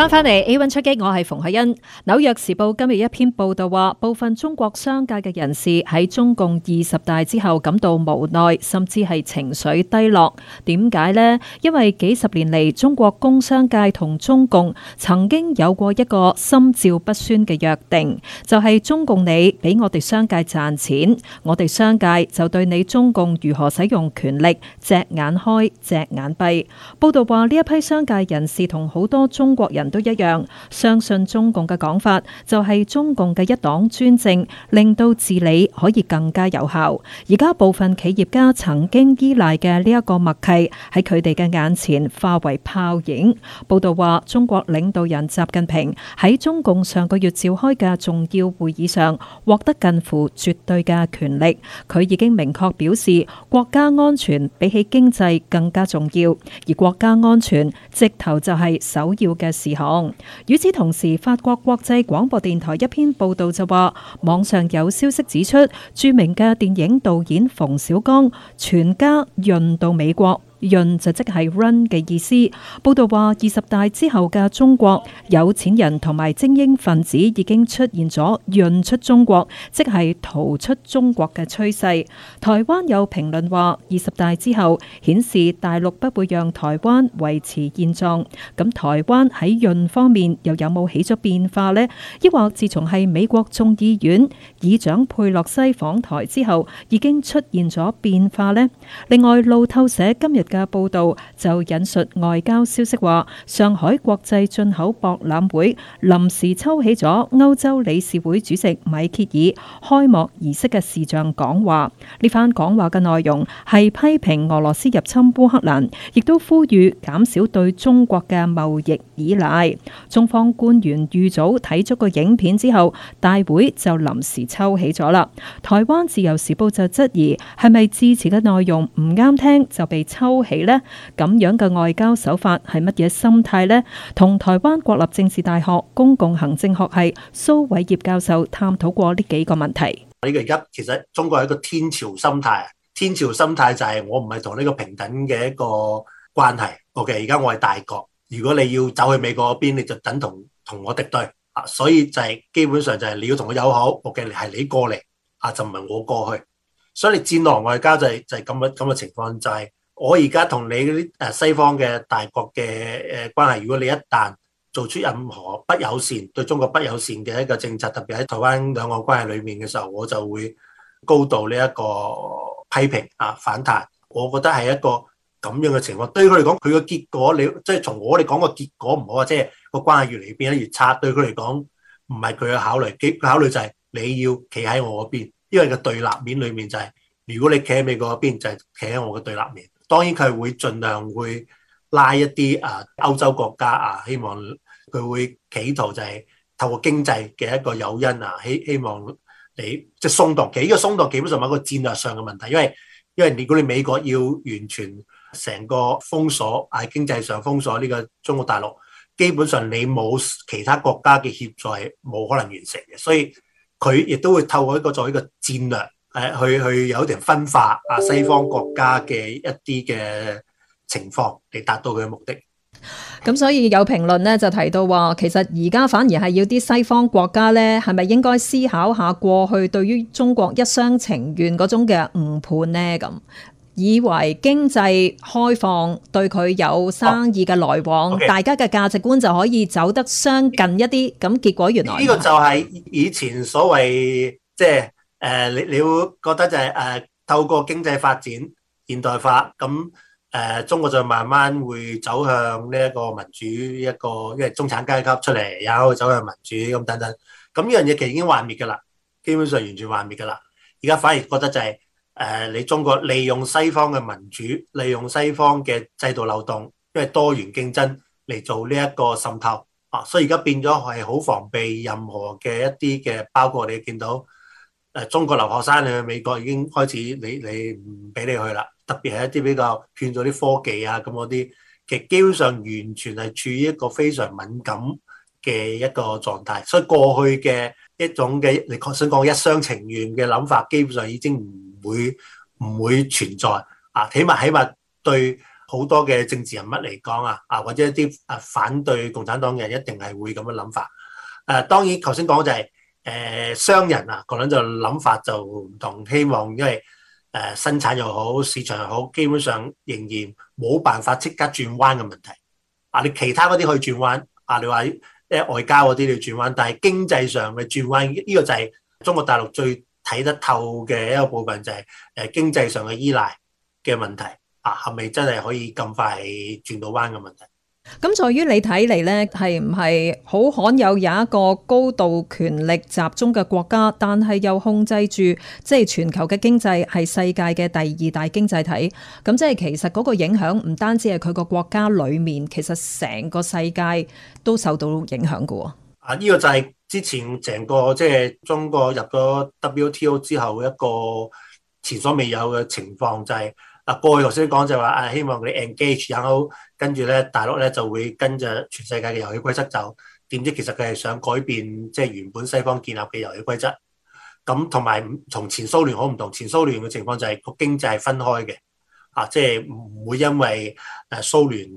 翻返嚟 A1 出擊，我係馮海恩。紐約時報今日一篇報道話，部分中國商界嘅人士喺中共二十大之後感到無奈，甚至係情緒低落。點解呢？因為幾十年嚟，中國工商界同中共曾經有過一個心照不宣嘅約定，就係、是、中共你俾我哋商界賺錢，我哋商界就對你中共如何使用權力，隻眼開隻眼閉。報道話呢一批商界人士同好多中國人，都一樣，相信中共嘅講法就係中共嘅一黨專政，令到治理可以更加有效。而家部分企業家曾經依賴嘅呢一個默契喺佢哋嘅眼前化為泡影。報道話，中國領導人習近平喺中共上個月召開嘅重要會議上獲得近乎絕對嘅權力，佢已經明確表示，國家安全比起經濟更加重要，而國家安全直頭就係首要嘅事。與此同時，法國國際廣播電台一篇報道就話，網上有消息指出，著名嘅電影導演馮小剛全家潤到美國。潤就即係 run 嘅意思。報道話二十大之後嘅中國有錢人同埋精英分子已經出現咗潤出中國，即係逃出中國嘅趨勢。台灣有評論話二十大之後顯示大陸不會讓台灣維持現狀。咁台灣喺潤方面又有冇起咗變化呢？抑或自從係美國眾議院議長佩洛西訪台之後，已經出現咗變化呢？另外，路透社今日嘅報道就引述外交消息話，上海國際進口博覽會臨時抽起咗歐洲理事會主席米歇爾開幕儀式嘅視像講話。呢番講話嘅內容係批評俄羅斯入侵烏克蘭，亦都呼籲減少對中國嘅貿易依賴。中方官員預早睇咗個影片之後，大會就臨時抽起咗啦。台灣自由時報就質疑係咪致辭嘅內容唔啱聽就被抽起咧，咁樣嘅外交手法係乜嘢心態咧？同台灣國立政治大學公共行政學系蘇偉業教授探討過呢幾個問題。呢個而家其實中國係一個天朝心態，天朝心態就係我唔係同呢個平等嘅一個關係。O K，而家我係大國，如果你要走去美國嗰邊，你就等同同我敵對啊。所以就係基本上就係你要同我友好。O K，係你過嚟啊，就唔係我過去。所以你戰狼外交就係就係咁嘅咁嘅情況就係。我而家同你啲誒西方嘅大國嘅誒關係，如果你一旦做出任何不友善對中國不友善嘅一個政策，特別喺台灣兩岸關係裏面嘅時候，我就會高度呢一個批評啊反彈。我覺得係一個咁樣嘅情況，對佢嚟講，佢嘅結果你即係、就是、從我哋講個結果唔好啊，即係個關係越嚟越變得越差。對佢嚟講唔係佢嘅考慮，佢考慮就係你要企喺我嗰邊，因為個對立面裏面就係、是、如果你企喺美國嗰邊，就係企喺我嘅對立面。當然佢係會盡量會拉一啲啊歐洲國家啊，希望佢會企圖就係透過經濟嘅一個誘因啊，希希望你即係鬆動。其實呢個鬆動基本上係一個戰略上嘅問題，因為因為如果你美國要完全成個封鎖啊經濟上封鎖呢個中國大陸，基本上你冇其他國家嘅協助，係冇可能完成嘅。所以佢亦都會透過一個作為一個戰略。誒，去去有啲分化啊！西方國家嘅一啲嘅情況，嚟達到佢嘅目的。咁所以有評論咧，就提到話，其實而家反而係要啲西方國家咧，係咪應該思考下過去對於中國一廂情願嗰種嘅誤判呢？咁以為經濟開放對佢有生意嘅來往，oh, okay. 大家嘅價值觀就可以走得相近一啲。咁結果原來呢個就係以前所謂即係。就是誒，你、呃、你會覺得就係、是、誒、呃，透過經濟發展、現代化，咁誒、呃，中國就慢慢會走向呢一個民主，一個因為中產階級出嚟有走向民主咁等等。咁呢樣嘢其實已經幻滅噶啦，基本上完全幻滅噶啦。而家反而覺得就係、是、誒、你、呃、中國利用西方嘅民主，利用西方嘅制度漏洞，因為多元競爭嚟做呢一個滲透啊，所以而家變咗係好防備任何嘅一啲嘅，包括你見到。誒，中國留學生去美國已經開始，你，你唔俾你去啦。特別係一啲比較偏左啲科技啊，咁嗰啲，其實基本上完全係處於一個非常敏感嘅一個狀態。所以過去嘅一種嘅，你確想講一廂情願嘅諗法，基本上已經唔會唔會存在啊。起碼起碼對好多嘅政治人物嚟講啊，啊，或者一啲誒反對共產黨嘅人一定係會咁樣諗法。誒當然頭先講就係。誒、呃、商人啊，個人就諗法就唔同，希望因為誒、呃、生產又好，市場又好，基本上仍然冇辦法即刻轉彎嘅問題。啊，你其他嗰啲可以轉彎，啊，你話誒外交嗰啲你轉彎，但係經濟上嘅轉彎，呢個就係中國大陸最睇得透嘅一個部分，就係誒、呃、經濟上嘅依賴嘅問題。啊，係咪真係可以咁快轉到彎嘅問題？咁在於你睇嚟咧，係唔係好罕有有一個高度權力集中嘅國家，但係又控制住即係全球嘅經濟係世界嘅第二大經濟體？咁即係其實嗰個影響唔單止係佢個國家裡面，其實成個世界都受到影響㗎。啊！呢、這個就係之前成個即係、就是、中國入咗 WTO 之後一個前所未有嘅情況，就係、是。啊，過去頭先講就話啊，希望佢哋 engage 玩好，跟住咧大陸咧就會跟著全世界嘅遊戲規則走。點知其實佢係想改變即係、就是、原本西方建立嘅遊戲規則。咁同埋從前蘇聯好唔同，前蘇聯嘅情況就係、是、個經濟係分開嘅。啊，即係唔會因為誒蘇聯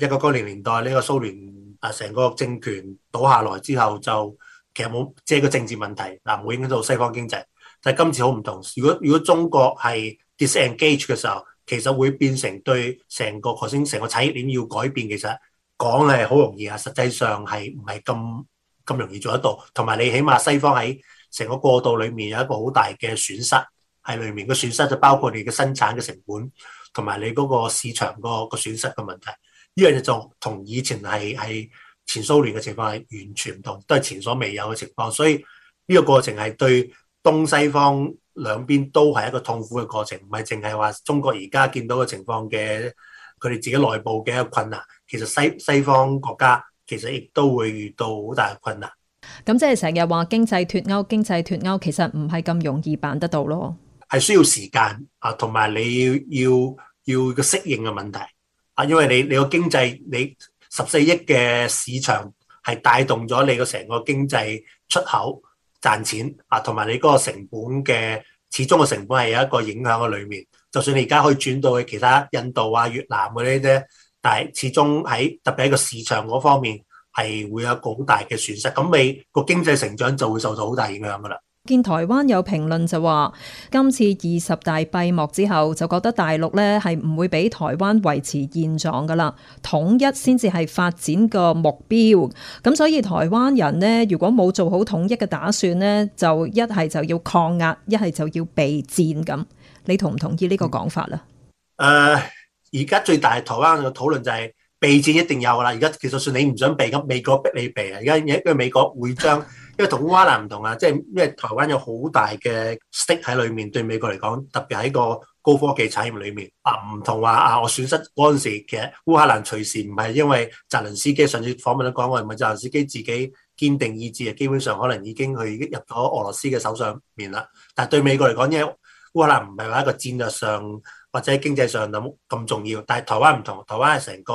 一個高個年代呢、這個蘇聯啊，成個政權倒下來之後就其實冇即係個政治問題嗱，唔會影響到西方經濟。但係今次好唔同，如果如果中國係。Disengage 嘅時候，其實會變成對成個或者成個產業鏈要改變，其實講係好容易啊，實際上係唔係咁咁容易做得到？同埋你起碼西方喺成個過渡裡面有一個好大嘅損失喺裡面嘅損失，損失就包括你嘅生產嘅成本，同埋你嗰個市場個、那個損失嘅問題。呢樣嘢就同以前係係前蘇聯嘅情況係完全唔同，都係前所未有嘅情況，所以呢個過程係對。東西方兩邊都係一個痛苦嘅過程，唔係淨係話中國而家見到嘅情況嘅佢哋自己內部嘅一個困難，其實西西方國家其實亦都會遇到好大嘅困難。咁即係成日話經濟脱歐，經濟脱歐其實唔係咁容易辦得到咯，係需要時間啊，同埋你要要個適應嘅問題啊，因為你你個經濟你十四億嘅市場係帶動咗你個成個經濟出口。賺錢啊，同埋你嗰個成本嘅，始終嘅成本係有一個影響喺裏面。就算你而家可以轉到去其他印度啊、越南嗰啲啫，但係始終喺特別喺個市場嗰方面係會有好大嘅損失。咁你個經濟成長就會受到好大影響噶啦。見台灣有評論就話，今次二十大閉幕之後，就覺得大陸咧係唔會俾台灣維持現狀噶啦，統一先至係發展個目標。咁所以台灣人呢，如果冇做好統一嘅打算呢，就一係就要抗壓，一係就要備戰。咁你同唔同意個呢個講法咧？誒、嗯，呃，而家最大台灣嘅討論就係備戰一定有噶啦。而家其實算你唔想備，咁美國逼你備啊。而家因為美國會將。 因為同烏克蘭唔同啊，即係因為台灣有好大嘅 stick 喺裏面，對美國嚟講，特別喺個高科技產業裏面啊，唔同話啊，我損失嗰陣時，其實烏克蘭隨時唔係因為澤倫斯基上次訪問都講過，唔係澤倫斯基自己堅定意志啊，基本上可能已經去入咗俄羅斯嘅手上面啦。但對美國嚟講，因為烏克蘭唔係話一個戰略上或者經濟上咁咁重要，但係台灣唔同，台灣係成個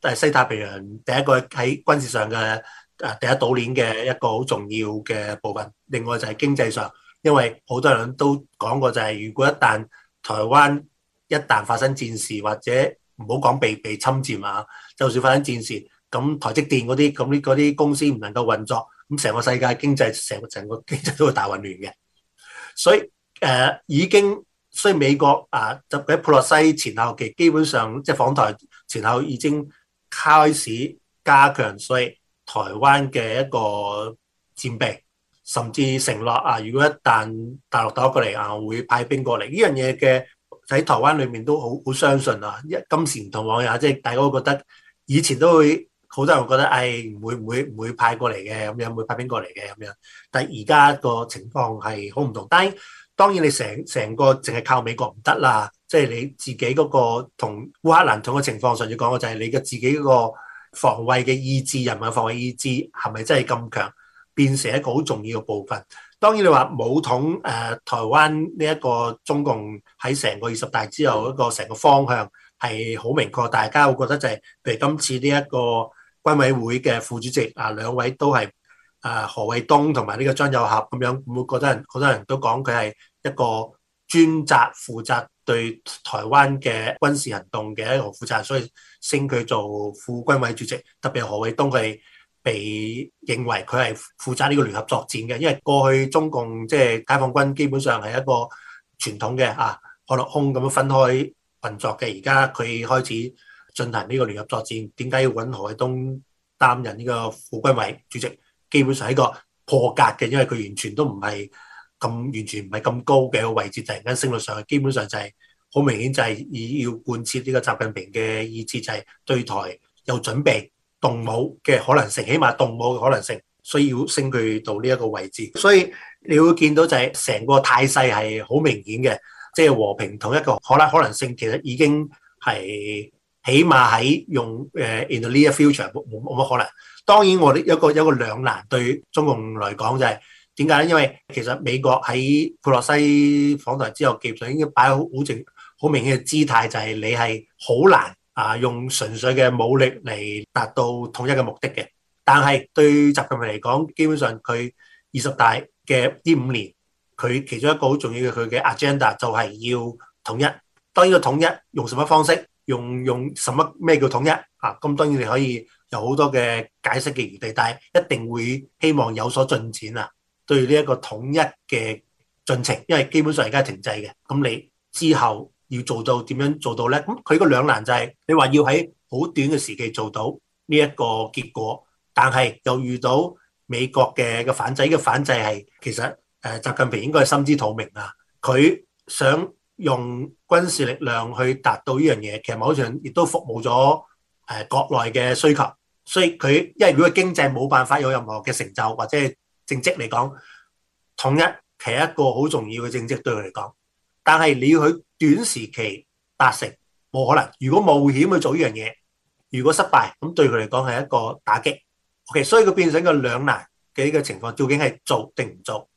係西太平洋第一個喺軍事上嘅。誒第一島鏈嘅一個好重要嘅部分，另外就係經濟上，因為好多人都講過、就是，就係如果一旦台灣一旦發生戰事，或者唔好講被被侵佔啊，就算發生戰事，咁台積電嗰啲咁啲公司唔能夠運作，咁成個世界經濟成個成個經濟都會大混亂嘅。所以誒、呃、已經，所以美國啊，就喺普洛西前後期，基本上即係、就是、訪台前後已經開始加強，所以。台灣嘅一個戰備，甚至承諾啊，如果一旦大陸打過嚟啊，會派兵過嚟呢樣嘢嘅喺台灣裏面都好好相信啊！一今時唔同往日，即係大家都覺得以前都會好多人覺得，哎唔會唔會唔會派過嚟嘅，咁樣唔會派兵過嚟嘅咁樣。但係而家個情況係好唔同，但係當然你成成個淨係靠美國唔得啦，即係你自己嗰、嗰個同烏克蘭同嘅情況，上次講嘅就係你嘅自己嗰個。防衛嘅意志，人民防衛意志係咪真係咁強？變成一個好重要嘅部分。當然你話武統誒、呃、台灣呢一個中共喺成個二十大之後一個成個方向係好明確，大家會覺得就係、是、譬如今次呢一個軍委會嘅副主席啊兩位都係誒、啊、何衛東同埋呢個張友俠咁樣，會覺得好多人都講佢係一個專責負責。對台灣嘅軍事行動嘅一個負責，所以升佢做副軍委主席。特別係何衛東佢係被認為佢係負責呢個聯合作戰嘅，因為過去中共即係、就是、解放軍基本上係一個傳統嘅啊，海陸空咁樣分開運作嘅。而家佢開始進行呢個聯合作戰，點解要揾何衛東擔任呢個副軍委主席？基本上係一個破格嘅，因為佢完全都唔係。咁完全唔係咁高嘅位置，突然間升到上去，基本上就係、是、好明顯，就係要貫徹呢個習近平嘅意志，就係、是、對台有準備動武嘅可能性，起碼動武嘅可能性，需要升佢到呢一個位置。所以你會見到就係、是、成個態勢係好明顯嘅，即、就、係、是、和平統一個可能可能性，其實已經係起碼喺用誒 in the future 冇乜可能。當然，我哋一個一個兩難對中共嚟講就係、是。點解咧？因為其實美國喺佩洛西訪台之後，基本上已經擺好好正、好明顯嘅姿態，就係、是、你係好難啊用純粹嘅武力嚟達到統一嘅目的嘅。但係對習近平嚟講，基本上佢二十大嘅呢五年，佢其中一個好重要嘅佢嘅 agenda 就係要統一。當然個統一用什麼方式，用用什麼咩叫統一啊？咁、嗯、當然你可以有好多嘅解釋嘅餘地，但係一定會希望有所進展啊！對呢一個統一嘅進程，因為基本上而家停滯嘅，咁你之後要做到點樣做到呢？咁佢個兩難就係、是、你話要喺好短嘅時期做到呢一個結果，但係又遇到美國嘅嘅反制，嘅、這個、反制係其實誒習近平應該係心知肚明啊，佢想用軍事力量去達到呢樣嘢，其實某程度亦都服務咗誒國內嘅需求。所以佢因為如果經濟冇辦法有任何嘅成就，或者政績嚟講，統一係一個好重要嘅政績對佢嚟講。但係你要佢短時期達成，冇可能。如果冒險去做呢樣嘢，如果失敗，咁對佢嚟講係一個打擊。O.K.，所以佢變成一個兩難嘅呢個情況。究竟係做定唔做，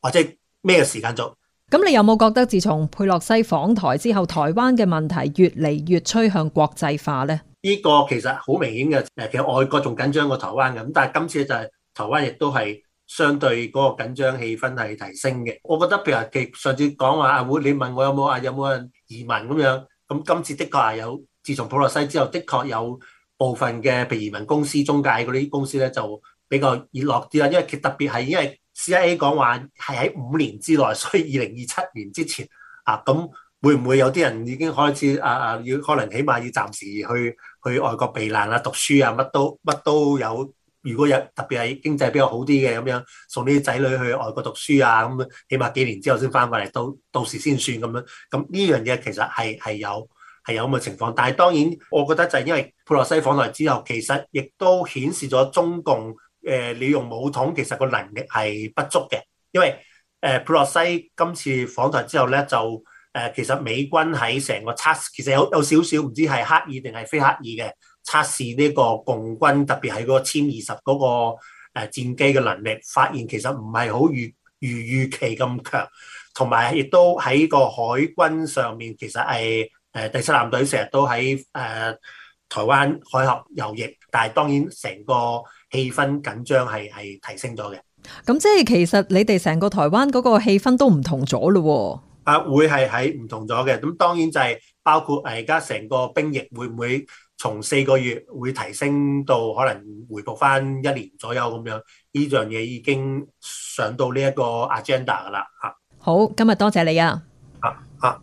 或者咩時間做？咁你有冇覺得自從佩洛西訪台之後，台灣嘅問題越嚟越趨向國際化咧？呢個其實好明顯嘅。誒，其實外國仲緊張過台灣嘅。咁但係今次就係呢，台灣亦都係。相對嗰個緊張氣氛係提升嘅，我覺得譬如話，其上次講話阿會你問我有冇啊，有冇人移民咁樣，咁今次的確係有，自從普羅西之後，的確有部分嘅譬如移民公司、中介嗰啲公司咧，就比較熱絡啲啦，因為佢特別係因為 CIA 講話係喺五年之內，所以二零二七年之前啊，咁會唔會有啲人已經開始啊啊，要可能起碼要暫時去去外國避難啦、讀書啊，乜都乜都有。如果有特別係經濟比較好啲嘅咁樣，送啲仔女去外國讀書啊咁，起碼幾年之後先翻過嚟，到到時先算咁樣。咁呢樣嘢其實係係有係有咁嘅情況。但係當然，我覺得就係因為佩洛西訪台之後，其實亦都顯示咗中共誒、呃、利用武統其實個能力係不足嘅。因為誒、呃、佩洛西今次訪台之後咧，就誒、呃、其實美軍喺成個測試，其實有有少少唔知係刻意定係非刻意嘅。測試呢個共軍，特別係嗰個殲二十嗰個誒戰機嘅能力，發現其實唔係好預預預期咁強，同埋亦都喺個海軍上面，其實係誒第七艦隊成日都喺誒、呃、台灣海峽遊弋，但係當然成個氣氛緊張係係提升咗嘅。咁即係其實你哋成個台灣嗰個氣氛都唔同咗咯喎。啊，會係喺唔同咗嘅，咁當然就係包括誒而家成個兵役會唔會？從四個月會提升到可能回復翻一年左右咁樣，呢樣嘢已經上到呢一個 agenda 㗎啦嚇。好，今日多謝，謝你啊。嚇嚇、啊。啊。